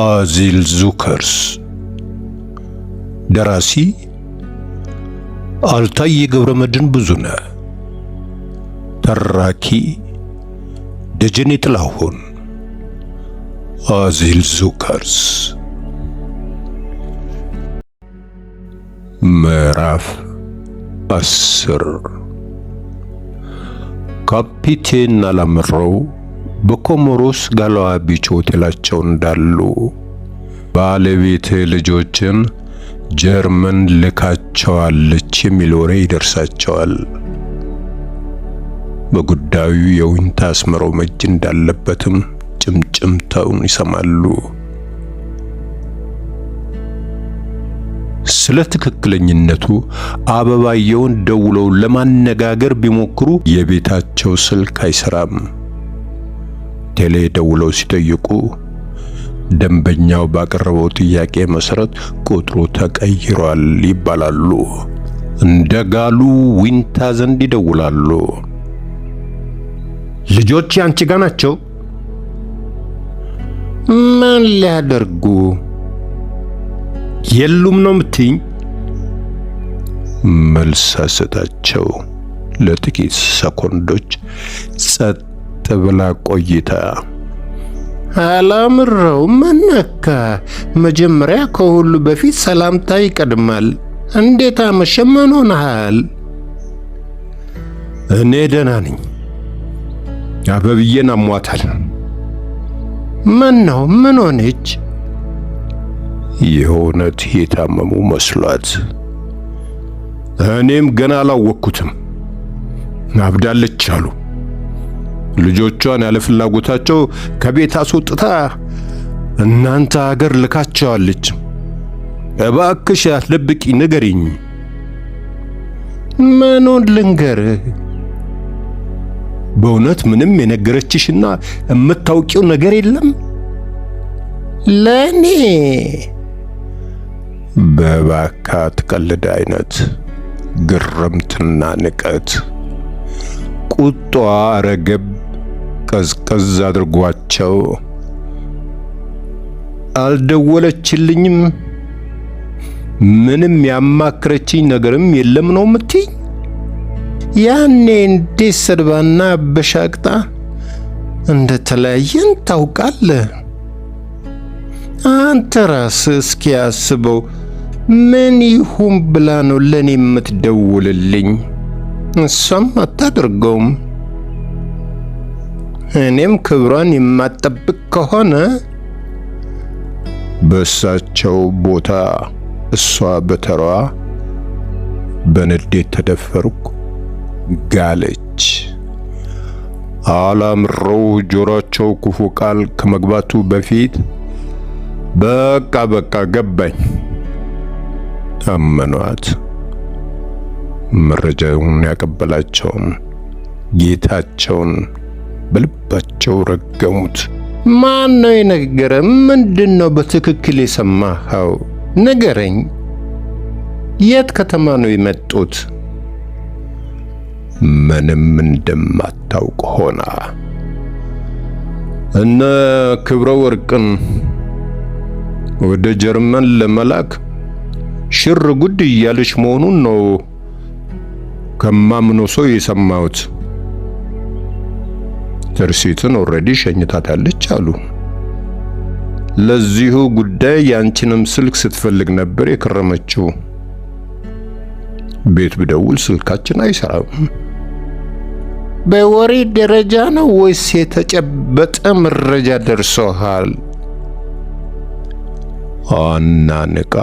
አዚል ዙከርስ ደራሲ አልታየ አልታይ የገብረመድህን ብዙነህ ተራኪ ደጀኔ ጥላሁን አዚል ዙከርስ ምዕራፍ አስር ካፒቴን አላምረው በኮሞሮስ ጋላዋቢ ሆቴላቸው እንዳሉ ባለቤት ልጆችን ጀርመን ልካቸዋለች የሚል ወሬ ይደርሳቸዋል። በጉዳዩ የዊንታ አስመሮም መጅ እንዳለበትም ጭምጭምታውን ይሰማሉ። ስለ ትክክለኝነቱ አበባየውን ደውለው ለማነጋገር ቢሞክሩ የቤታቸው ስልክ አይሰራም። ቴሌ ደውለው ሲጠይቁ ደንበኛው ባቀረበው ጥያቄ መሰረት ቁጥሩ ተቀይሯል ይባላሉ። እንደ ጋሉ ዊንታ ዘንድ ይደውላሉ። ልጆች አንቺ ጋ ናቸው። ምን ሊያደርጉ የሉም ነው የምትይኝ? መልስ አሰጣቸው። ለጥቂት ሰኮንዶች ጸጥ ቀጥ ብላ ቆይታ አላምረው መነካ መጀመሪያ ከሁሉ በፊት ሰላምታ ይቀድማል። እንዴት አመሸ? ምን ሆነሃል? እኔ ደህና ነኝ። አበብዬን አሟታል። ምን ነው? ምን ሆነች? የእውነት የታመሙ መስሏት። እኔም ገና አላወቅኩትም። አብዳለች አሉ። ልጆቿን ያለ ፍላጎታቸው ከቤት አስወጥታ እናንተ ሀገር ልካቸዋለች። እባክሽ አትደብቂ፣ ንገሪኝ። ምኑን ልንገር? በእውነት ምንም የነገረችሽና የምታውቂው ነገር የለም ለእኔ? በባካ ትቀልድ አይነት ግርምትና ንቀት ቁጧ ረገብ ቀዝቀዝ አድርጓቸው። አልደወለችልኝም፣ ምንም ያማክረችኝ ነገርም የለም ነው የምትይ? ያኔ እንዴት ሰድባና በሻቅጣ እንደ ተለያየን ታውቃለህ። አንተ ራስህ እስኪያስበው ምን ይሁን ብላ ነው ለእኔ የምትደውልልኝ? እሷም አታደርገውም። እኔም ክብሯን የማጠብቅ ከሆነ በእሳቸው ቦታ እሷ በተሯ በንዴት ተደፈርኩ ጋለች። አላምረው ጆሮቸው ክፉ ቃል ከመግባቱ በፊት በቃ በቃ ገባኝ አመኗት። መረጃውን ያቀበላቸውን ጌታቸውን በልባቸው ረገሙት። ማን ነው የነገረ? ምንድን ነው በትክክል የሰማኸው? ንገረኝ። የት ከተማ ነው የመጡት? ምንም እንደማታውቅ ሆና እነ ክብረ ወርቅን ወደ ጀርመን ለመላክ ሽር ጉድ እያለች መሆኑን ነው ከማምኖ ሰው የሰማሁት። ትርሲትን ኦልሬዲ ሸኝታታለች አሉ። ለዚሁ ጉዳይ ያንቺንም ስልክ ስትፈልግ ነበር የከረመችው። ቤት ብደውል ስልካችን አይሰራም። በወሬ ደረጃ ነው ወይስ የተጨበጠ መረጃ ደርሶሃል? አና ንቃ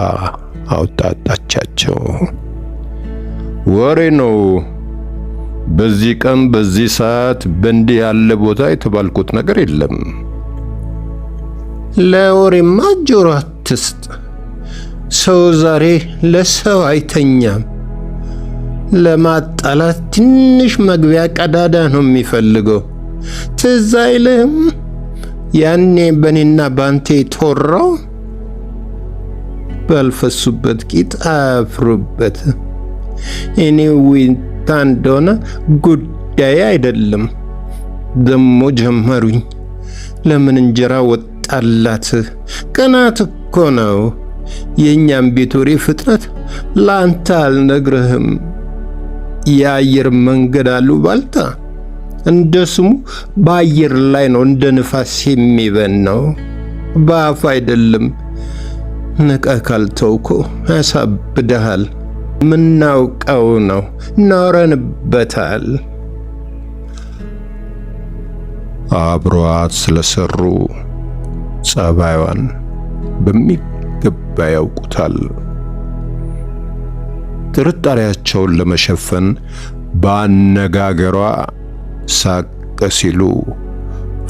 አውጣጣቻቸው ወሬ ነው። በዚህ ቀን በዚህ ሰዓት በእንዲህ ያለ ቦታ የተባልኩት ነገር የለም። ለወሬማ ጆሮ አትስጥ። ሰው ዛሬ ለሰው አይተኛም። ለማጣላት ትንሽ መግቢያ ቀዳዳ ነው የሚፈልገው። ትዝ አይልህም ያኔ በኔና ባንቴ ቶራው ባልፈሱበት ቂጥ አያፍሩበት እኔ ቦታ እንደሆነ ጉዳይ አይደለም። ደሞ ጀመሩኝ። ለምን እንጀራ ወጣላት? ቅናት እኮ ነው። የእኛም ቤት ወሬ ፍጥረት ላንተ አልነግርህም። የአየር መንገድ ባልታ እንደ ስሙ በአየር ላይ ነው፣ እንደ ንፋስ የሚበን ነው፣ በአፍ አይደለም። ንቀህ ካልተውኮ ያሳብድሃል። ምናውቀው ነው፣ ኖረንበታል። አብሯት ስለሰሩ ጸባይዋን በሚገባ ያውቁታል። ጥርጣሬያቸውን ለመሸፈን በአነጋገሯ ሳቅ ሲሉ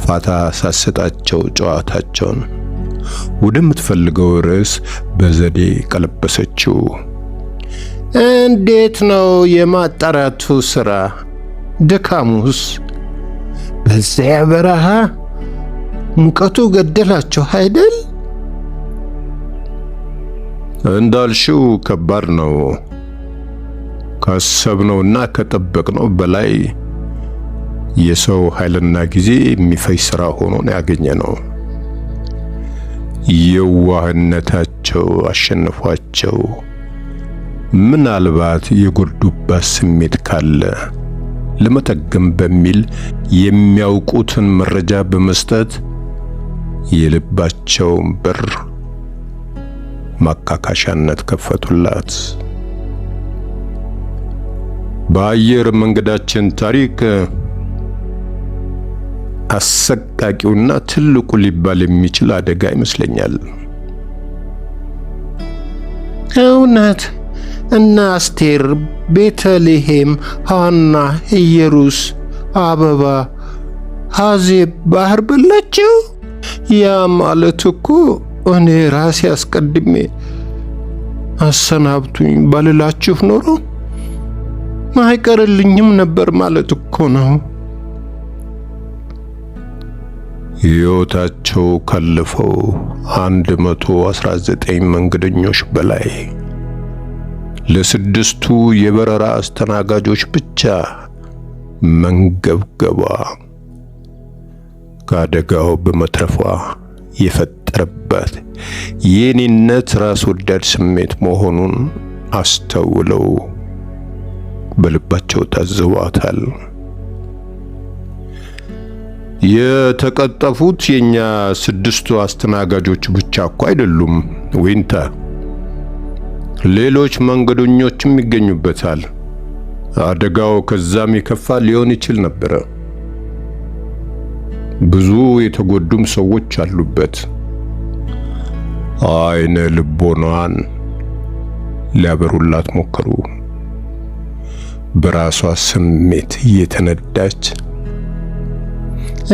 ፋታ ሳሰጣቸው ጨዋታቸውን ወደምትፈልገው ርዕስ በዘዴ ቀለበሰችው። እንዴት ነው የማጣራቱ ሥራ? ድካሙስ? በዚያ በረሃ ሙቀቱ ገደላቸው አይደል? እንዳልሽው ከባድ ነው። ካሰብነውና ከጠበቅነው በላይ የሰው ኃይልና ጊዜ የሚፈጅ ሥራ ያገኘ ነው የዋህነታቸው አሸንፏቸው ምናልባት የጎዱባት ስሜት ካለ ለመጠገም በሚል የሚያውቁትን መረጃ በመስጠት የልባቸውን በር ማካካሻነት ከፈቱላት። በአየር መንገዳችን ታሪክ አሰቃቂውና ትልቁ ሊባል የሚችል አደጋ ይመስለኛል። እውነት እነ አስቴር፣ ቤተልሔም፣ ሃና፣ ኢየሩስ፣ አበባ ሐዜብ ባህር በላችው። ያ ማለት እኮ እኔ ራሴ አስቀድሜ አሰናብቱኝ ባልላችሁ ኖሮ አይቀርልኝም ነበር ማለት እኮ ነው። ሕይወታቸው ካለፈው 119 መንገደኞች በላይ ለስድስቱ የበረራ አስተናጋጆች ብቻ መንገብገቧ ከአደጋው በመትረፏ የፈጠረባት የኔነት ራስ ወዳድ ስሜት መሆኑን አስተውለው በልባቸው ታዘቧታል። የተቀጠፉት የኛ ስድስቱ አስተናጋጆች ብቻ እኮ አይደሉም ዊንተር ሌሎች መንገደኞችም ይገኙበታል። አደጋው ከዛም የከፋ ሊሆን ይችል ነበረ። ብዙ የተጎዱም ሰዎች አሉበት። አይነ ልቦኗን ሊያበሩላት ሞከሩ። በራሷ ስሜት እየተነዳች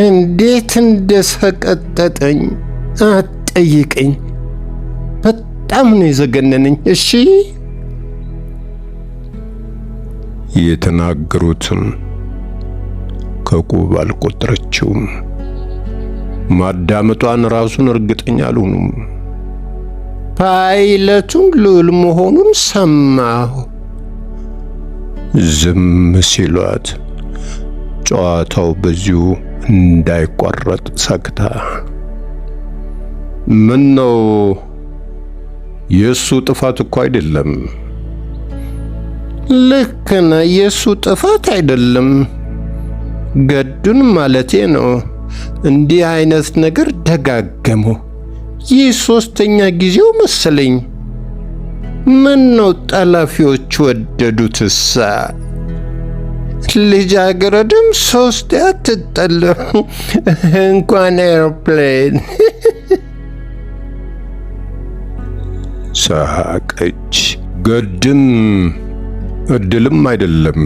እንዴት እንደሰቀጠጠኝ አትጠይቀኝ በጣም ነው የዘገነነኝ። እሺ የተናገሩትም ከቁብ አልቆጠረችውም። ማዳመጧን ራሱን እርግጠኛ አልሆኑም። ፓይለቱን ልዑል መሆኑን ሰማሁ። ዝም ሲሏት ጨዋታው በዚሁ እንዳይቋረጥ ሰግታ ምን ነው የእሱ ጥፋት እኮ አይደለም። ልክ ነህ። የእሱ ጥፋት አይደለም። ገዱን ማለቴ ነው። እንዲህ አይነት ነገር ደጋገሙ። ይህ ሶስተኛ ጊዜው መሰለኝ። ምን ነው ጠላፊዎች ወደዱትሳ? ልጃገረድም ሶስት አትጠልም እንኳን ኤርፕሌን ሳቀች። ገድም እድልም አይደለም፣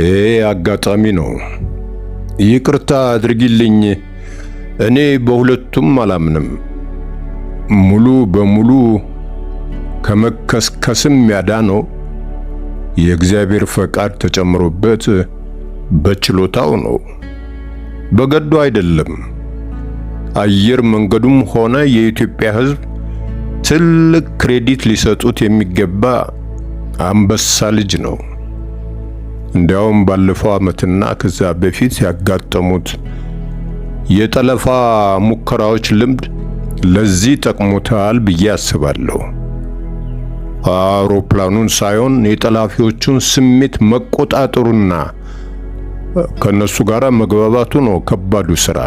ይህ አጋጣሚ ነው። ይቅርታ አድርጊልኝ፣ እኔ በሁለቱም አላምንም። ሙሉ በሙሉ ከመከስከስም ያዳነው የእግዚአብሔር ፈቃድ ተጨምሮበት በችሎታው ነው፣ በገዱ አይደለም። አየር መንገዱም ሆነ የኢትዮጵያ ሕዝብ ትልቅ ክሬዲት ሊሰጡት የሚገባ አንበሳ ልጅ ነው። እንዲያውም ባለፈው ዓመትና ከዛ በፊት ያጋጠሙት የጠለፋ ሙከራዎች ልምድ ለዚህ ጠቅሞታል ብዬ አስባለሁ። አውሮፕላኑን ሳይሆን የጠላፊዎቹን ስሜት መቆጣጠሩና ከነሱ ጋር መግባባቱ ነው ከባዱ ስራ።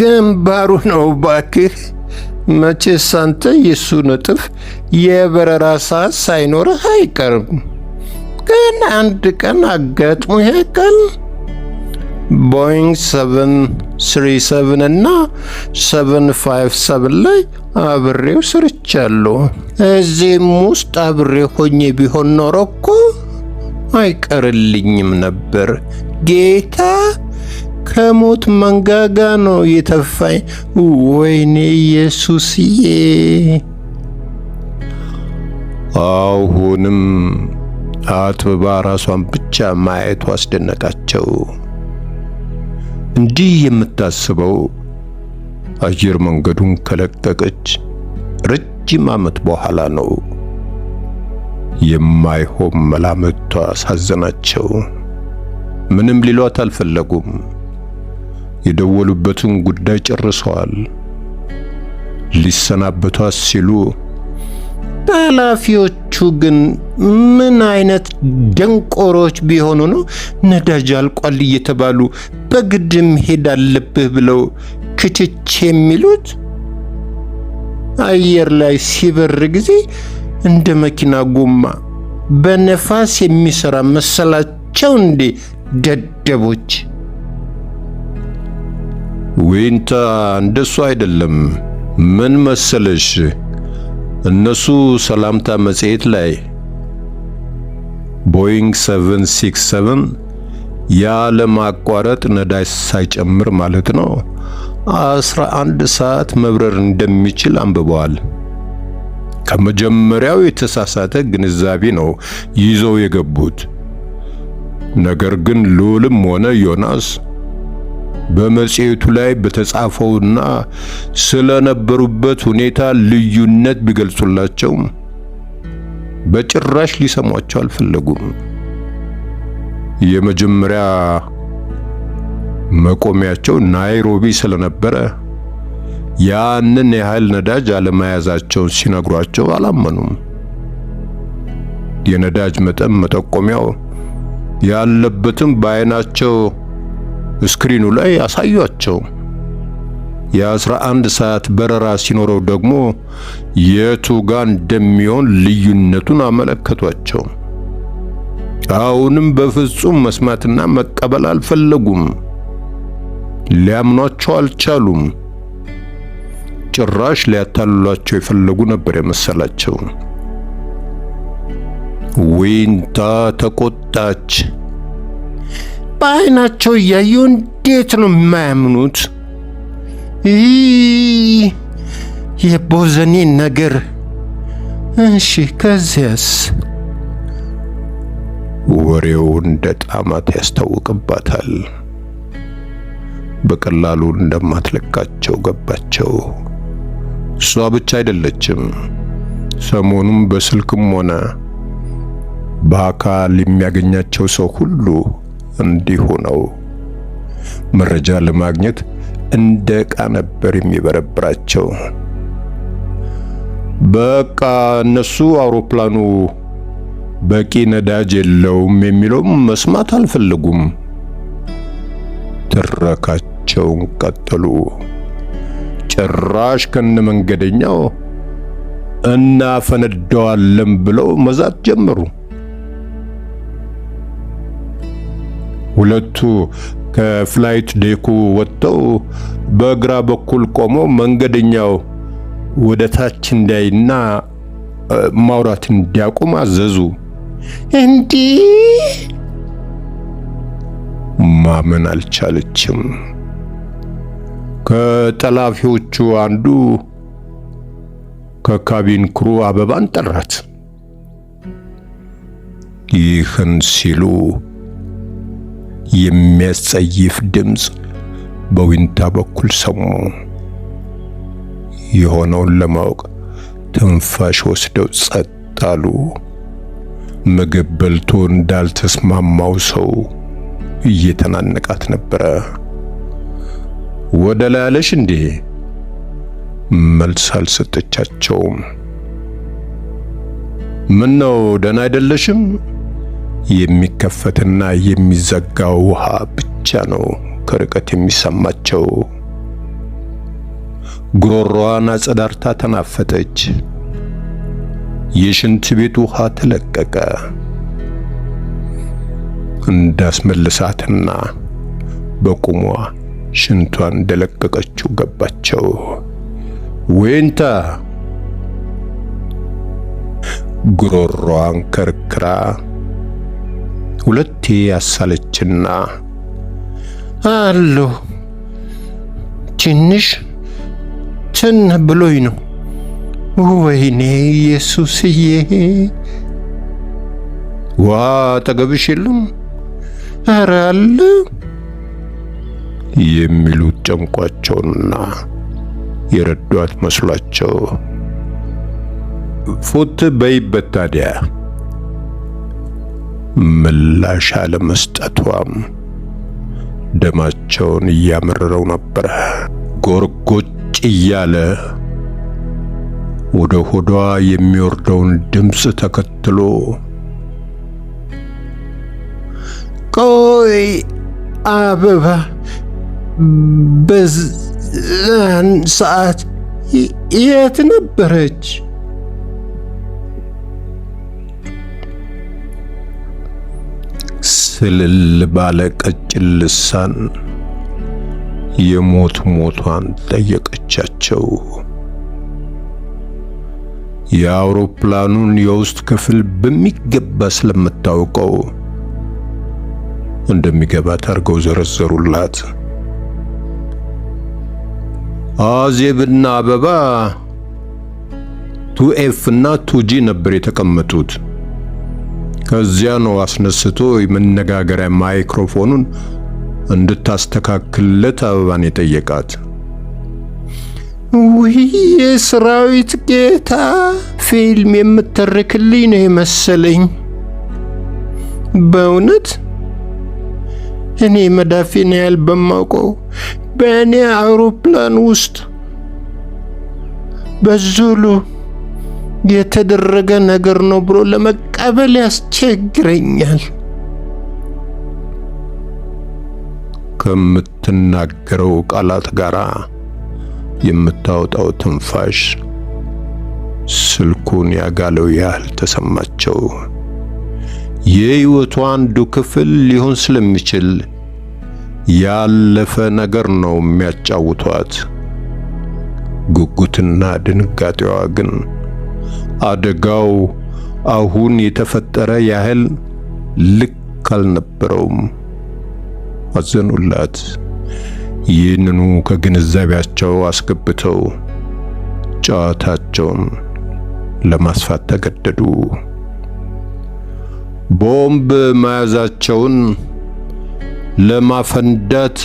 ግንባሩ ነው ባክህ። መቼስ አንተ የእሱ ንጥፍ የበረራ ሰዓት ሳይኖርህ አይቀርም። ግን አንድ ቀን አጋጥሞ ያውቃል? ቦይንግ 737 እና 757 ላይ አብሬው ስርቻለሁ። እዚህም ውስጥ አብሬ ሆኜ ቢሆን ኖሮ እኮ አይቀርልኝም ነበር ጌታ ከሞት መንጋጋ ነው የተፋኝ። ወይኔ ኢየሱስዬ! አሁንም አጥብባ ራሷን ብቻ ማየቱ አስደነቃቸው። እንዲህ የምታስበው አየር መንገዱን ከለቀቀች ረጅም ዓመት በኋላ ነው። የማይሆን መላምቷ አሳዘናቸው። ምንም ሊሏት አልፈለጉም። የደወሉበትን ጉዳይ ጨርሰዋል። ሊሰናበቷት ሲሉ ኃላፊዎቹ ግን ምን አይነት ደንቆሮች ቢሆኑ ነው ነዳጅ አልቋል እየተባሉ በግድ መሄድ አለብህ ብለው ክችች የሚሉት? አየር ላይ ሲበር ጊዜ እንደ መኪና ጎማ በነፋስ የሚሰራ መሰላቸው እንዴ ደደቦች! ዊንታ እንደሱ አይደለም። ምን መሰለሽ እነሱ ሰላምታ መጽሔት ላይ ቦይንግ 767 ያለማቋረጥ ነዳጅ ሳይጨምር ማለት ነው አስራ አንድ ሰዓት መብረር እንደሚችል አንብበዋል። ከመጀመሪያው የተሳሳተ ግንዛቤ ነው ይዘው የገቡት። ነገር ግን ልዑልም ሆነ ዮናስ በመጽሔቱ ላይ በተጻፈውና ስለነበሩበት ሁኔታ ልዩነት ቢገልጹላቸው በጭራሽ ሊሰሟቸው አልፈለጉም። የመጀመሪያ መቆሚያቸው ናይሮቢ ስለነበረ ያንን ያህል ነዳጅ አለመያዛቸውን ሲነግሯቸው አላመኑም። የነዳጅ መጠን መጠቆሚያው ያለበትም በዓይናቸው ስክሪኑ ላይ አሳያቸው። የአስራ አንድ ሰዓት በረራ ሲኖረው ደግሞ የቱ ጋር እንደሚሆን ልዩነቱን አመለከቷቸው። አሁንም በፍጹም መስማትና መቀበል አልፈለጉም። ሊያምኗቸው አልቻሉም። ጭራሽ ሊያታልሏቸው የፈለጉ ነበር የመሰላቸው። ዊንታ ተቆጣች። በአይናቸው እያዩ እንዴት ነው የማያምኑት? የቦዘኔን የቦዘኔ ነገር። እሺ ከዚያስ? ወሬው እንደ ጣማት ያስታውቅባታል። በቀላሉ እንደማትለቃቸው ገባቸው። እሷ ብቻ አይደለችም። ሰሞኑም በስልክም ሆነ በአካል የሚያገኛቸው ሰው ሁሉ እንዲሁ ነው። መረጃ ለማግኘት እንደ ዕቃ ነበር የሚበረብራቸው። በቃ እነሱ አውሮፕላኑ በቂ ነዳጅ የለውም የሚለውም መስማት አልፈለጉም። ትረካቸውን ቀጠሉ። ጭራሽ ከነ መንገደኛው እናፈነደዋለን ብለው መዛት ጀመሩ። ሁለቱ ከፍላይት ዴኩ ወጥተው በግራ በኩል ቆሞ መንገደኛው ወደ ታች እንዳይና ማውራት እንዲያቆም አዘዙ። እንዲህ ማመን አልቻለችም። ከጠላፊዎቹ አንዱ ከካቢን ክሩ አበባን ጠራት። ይህን ሲሉ የሚያስጸይፍ ድምፅ በዊንታ በኩል ሰሙ። የሆነውን ለማወቅ ትንፋሽ ወስደው ጸጥ አሉ። ምግብ በልቶ እንዳልተስማማው ሰው እየተናነቃት ነበረ። ወደ ላይ አለሽ እንዴ? መልስ አልሰጠቻቸውም። ምን ነው ደህና አይደለሽም? የሚከፈትና የሚዘጋው ውሃ ብቻ ነው ከርቀት የሚሰማቸው። ጉሮሮዋን አጸዳርታ ተናፈጠች። የሽንት ቤት ውሃ ተለቀቀ። እንዳስመልሳትና በቁሟ ሽንቷን እንደለቀቀችው ገባቸው። ወይንታ ጉሮሮዋን ከርክራ ሁለቴ ያሳለችና አለሁ ትንሽ ትን ብሎኝ ነው። ወይኔ ኢየሱስዬ! ዋ አጠገብሽ የለም? ኧረ አለ የሚሉት ጨንቋቸውና የረዷት መስሏቸው ፉት በይበት ታዲያ ምላሽ አለመስጠቷም ደማቸውን እያመረረው ነበር ጎርጎጭ እያለ ወደ ሆዷ የሚወርደውን ድምፅ ተከትሎ ቆይ አበባ በዛን ሰዓት የት ነበረች? ስልል ባለ ቀጭን ልሳን የሞት ሞቷን ጠየቀቻቸው። የአውሮፕላኑን የውስጥ ክፍል በሚገባ ስለምታውቀው እንደሚገባት አድርገው ዘረዘሩላት። አዜብና አበባ ቱ ኤፍ እና ቱጂ ነበር የተቀመጡት። ከዚያ ነው አስነስቶ የመነጋገሪያ ማይክሮፎኑን እንድታስተካክልለት አበባን የጠየቃት። ውይ የሰራዊት ጌታ ፊልም የምተርክልኝ ነው የመሰለኝ። በእውነት እኔ መዳፊን ያህል በማውቀው በእኔ አውሮፕላን ውስጥ በዙሉ የተደረገ ነገር ነው ብሎ ለመቀ ጸበል ያስቸግረኛል። ከምትናገረው ቃላት ጋር የምታወጣው ትንፋሽ ስልኩን ያጋለው ያህል ተሰማቸው። የሕይወቷ አንዱ ክፍል ሊሆን ስለሚችል ያለፈ ነገር ነው የሚያጫውቷት። ጉጉትና ድንጋጤዋ ግን አደጋው አሁን የተፈጠረ ያህል ልክ አልነበረውም። አዘኑላት። ይህንኑ ከግንዛቤያቸው አስገብተው ጨዋታቸውን ለማስፋት ተገደዱ። ቦምብ መያዛቸውን ለማፈንዳት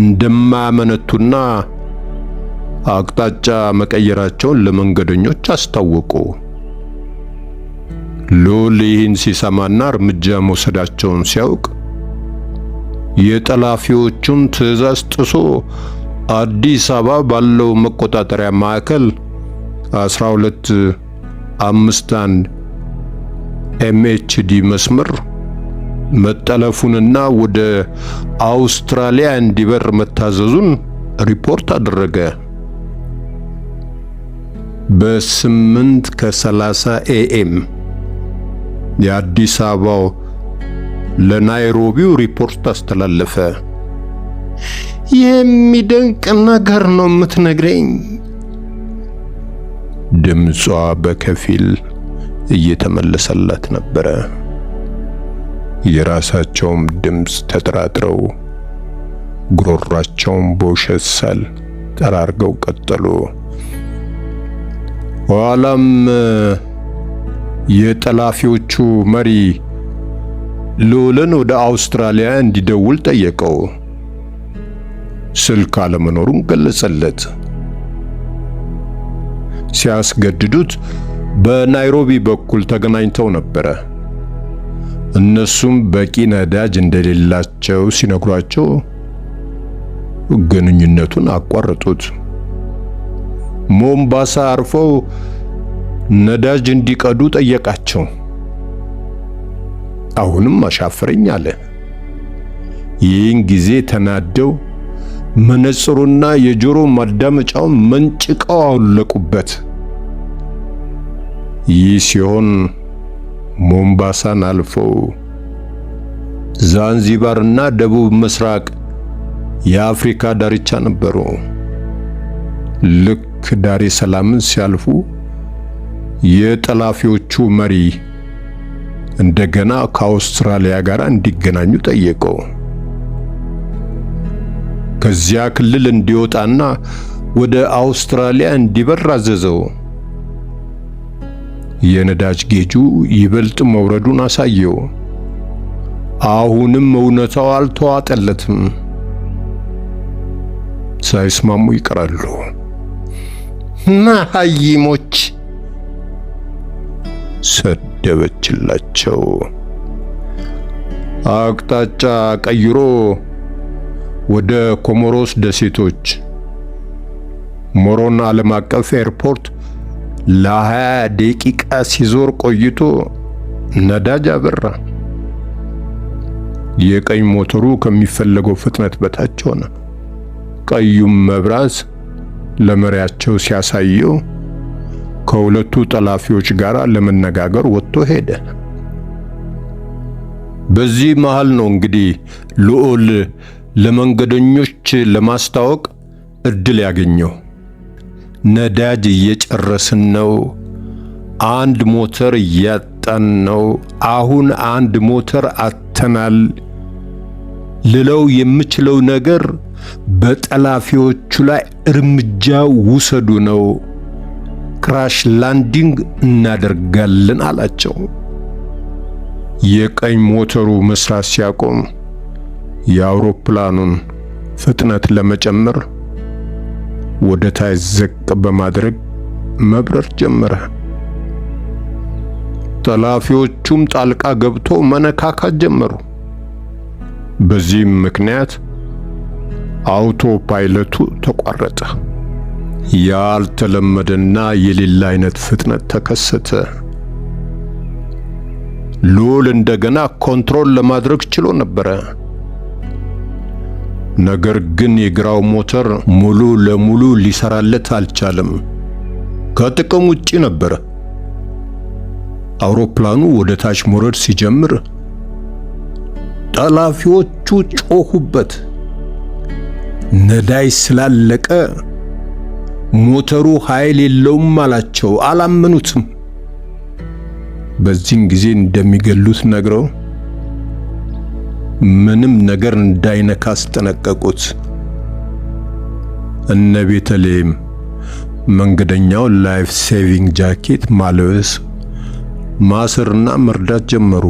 እንደማያመነቱና አቅጣጫ መቀየራቸውን ለመንገደኞች አስታወቁ። ልዑል ይህን ሲሰማና እርምጃ መውሰዳቸውን ሲያውቅ የጠላፊዎቹን ትዕዛዝ ጥሶ አዲስ አበባ ባለው መቆጣጠሪያ ማዕከል 12 አምስት ኤምኤችዲ መስመር መጠለፉንና ወደ አውስትራሊያ እንዲበር መታዘዙን ሪፖርት አደረገ። ከ30 ኤኤም የአዲስ አበባው ለናይሮቢው ሪፖርት አስተላለፈ። የሚደንቅ ነገር ነው የምትነግረኝ። ድምጿ በከፊል እየተመለሰላት ነበረ። የራሳቸውም ድምፅ ተጠራጥረው ጉሮሯቸውን በውሸት ሳል ጠራርገው ቀጠሉ። ኋላም የጠላፊዎቹ መሪ ልዑልን ወደ አውስትራሊያ እንዲደውል ጠየቀው። ስልክ አለመኖሩን ገለጸለት። ሲያስገድዱት በናይሮቢ በኩል ተገናኝተው ነበረ። እነሱም በቂ ነዳጅ እንደሌላቸው ሲነግሯቸው ግንኙነቱን አቋረጡት። ሞምባሳ አርፈው ነዳጅ እንዲቀዱ ጠየቃቸው። አሁንም አሻፍረኝ አለ። ይህን ጊዜ ተናደው መነጽሩና የጆሮ ማዳመጫውን መንጭቀው አወለቁበት። ይህ ሲሆን ሞምባሳን አልፈው ዛንዚባርና ደቡብ ምስራቅ የአፍሪካ ዳርቻ ነበሩ። ልክ ዳሬ ሰላምን ሲያልፉ የጠላፊዎቹ መሪ እንደገና ከአውስትራሊያ ጋር እንዲገናኙ ጠየቀው። ከዚያ ክልል እንዲወጣና ወደ አውስትራሊያ እንዲበር አዘዘው። የነዳጅ ጌጁ ይበልጥ መውረዱን አሳየው። አሁንም እውነታው አልተዋጠለትም። ሳይስማሙ ይቀራሉ። መሃይሞች ሰደበችላቸው። አቅጣጫ ቀይሮ ወደ ኮሞሮስ ደሴቶች ሞሮን ዓለም አቀፍ ኤርፖርት ለ20 ደቂቃ ሲዞር ቆይቶ ነዳጅ አበራ። የቀኝ ሞተሩ ከሚፈለገው ፍጥነት በታች ሆነ። ቀዩም መብራት ለመሪያቸው ሲያሳየው ከሁለቱ ጠላፊዎች ጋር ለመነጋገር ወጥቶ ሄደ። በዚህ መሃል ነው እንግዲህ ልዑል ለመንገደኞች ለማስታወቅ እድል ያገኘው። ነዳጅ እየጨረስን ነው፣ አንድ ሞተር እያጣን ነው፣ አሁን አንድ ሞተር አተናል ልለው የምችለው ነገር በጠላፊዎቹ ላይ እርምጃ ውሰዱ ነው። ክራሽ ላንዲንግ እናደርጋለን አላቸው። የቀኝ ሞተሩ መስራት ሲያቆም የአውሮፕላኑን ፍጥነት ለመጨመር ወደ ታች ዘቅ በማድረግ መብረር ጀመረ። ጠላፊዎቹም ጣልቃ ገብቶ መነካካት ጀመሩ። በዚህም ምክንያት አውቶ ፓይለቱ ተቋረጠ። ያልተለመደና የሌላ አይነት ፍጥነት ተከሰተ። ሉል እንደገና ኮንትሮል ለማድረግ ችሎ ነበረ። ነገር ግን የግራው ሞተር ሙሉ ለሙሉ ሊሰራለት አልቻለም። ከጥቅም ውጪ ነበር። አውሮፕላኑ ወደ ታች መውረድ ሲጀምር ጠላፊዎቹ ጮኹበት። ነዳይ ስላለቀ ሞተሩ ኃይል የለውም አላቸው። አላመኑትም። በዚህን ጊዜ እንደሚገሉት ነግረው ምንም ነገር እንዳይነካ አስጠነቀቁት። እነ ቤተልሔም መንገደኛው ላይፍ ሴቪንግ ጃኬት ማለበስ ማሰርና መርዳት ጀመሩ።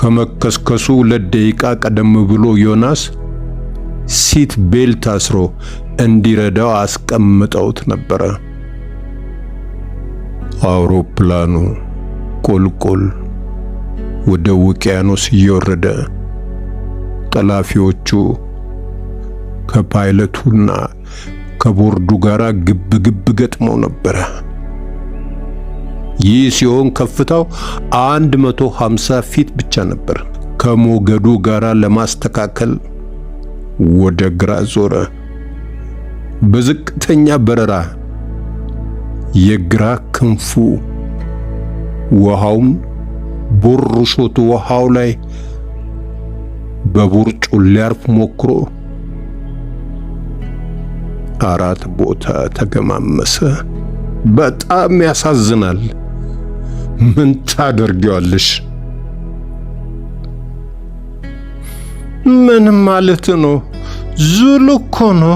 ከመከስከሱ ሁለት ደቂቃ ቀደም ብሎ ዮናስ ሲት ቤልት አስሮ እንዲረዳው አስቀምጠውት ነበረ። አውሮፕላኑ ቁልቁል ወደ ውቅያኖስ እየወረደ ጠላፊዎቹ ከፓይለቱና ከቦርዱ ጋር ግብ ግብ ገጥመው ነበረ። ይህ ሲሆን ከፍታው 150 ፊት ብቻ ነበር። ከሞገዱ ጋራ ለማስተካከል ወደ ግራ ዞረ። በዝቅተኛ በረራ የግራ ክንፉ ውሃውን ቦርሾት ውሃው ላይ በቡርጩ ሊያርፍ ሞክሮ አራት ቦታ ተገማመሰ። በጣም ያሳዝናል። ምን ታደርጊዋለሽ? ምን ማለት ነው? ዙሉ እኮ ነው።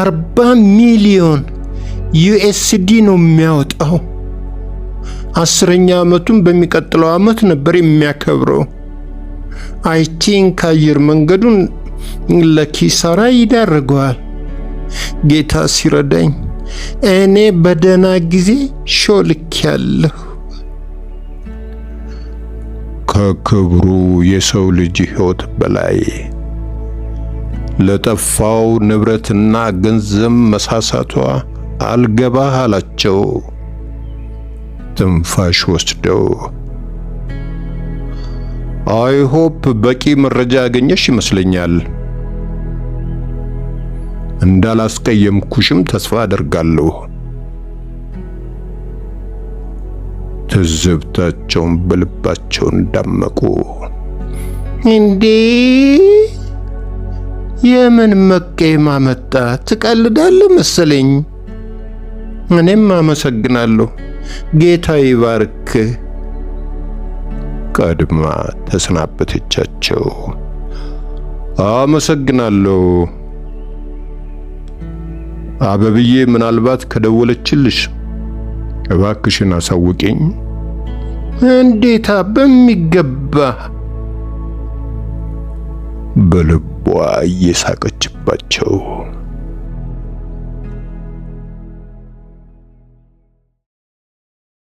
አርባ ሚሊዮን ዩኤስዲ ነው የሚያወጣው። አስረኛ ዓመቱን በሚቀጥለው ዓመት ነበር የሚያከብረው። አይቲን አየር መንገዱን ለኪሳራ ይዳርገዋል። ጌታ ሲረዳኝ እኔ በደህና ጊዜ ሾልክ ያለሁ። ከክብሩ የሰው ልጅ ሕይወት በላይ ለጠፋው ንብረትና ገንዘብ መሳሳቷ አልገባህ አላቸው። ትንፋሽ ወስደው አይሆፕ በቂ መረጃ ያገኘሽ ይመስለኛል። እንዳላስቀየምኩሽም ተስፋ አደርጋለሁ። ትዝብታቸውን በልባቸው እንዳመቁ እንዴ የምን መቀየም አመጣ? ትቀልዳለህ መሰለኝ። እኔም አመሰግናለሁ። ጌታ ይባርክ። ቀድማ ተሰናበተቻቸው። አመሰግናለሁ አበብዬ፣ ምናልባት ከደወለችልሽ እባክሽን አሳውቂኝ። እንዴታ! በሚገባ በልቧ እየሳቀችባቸው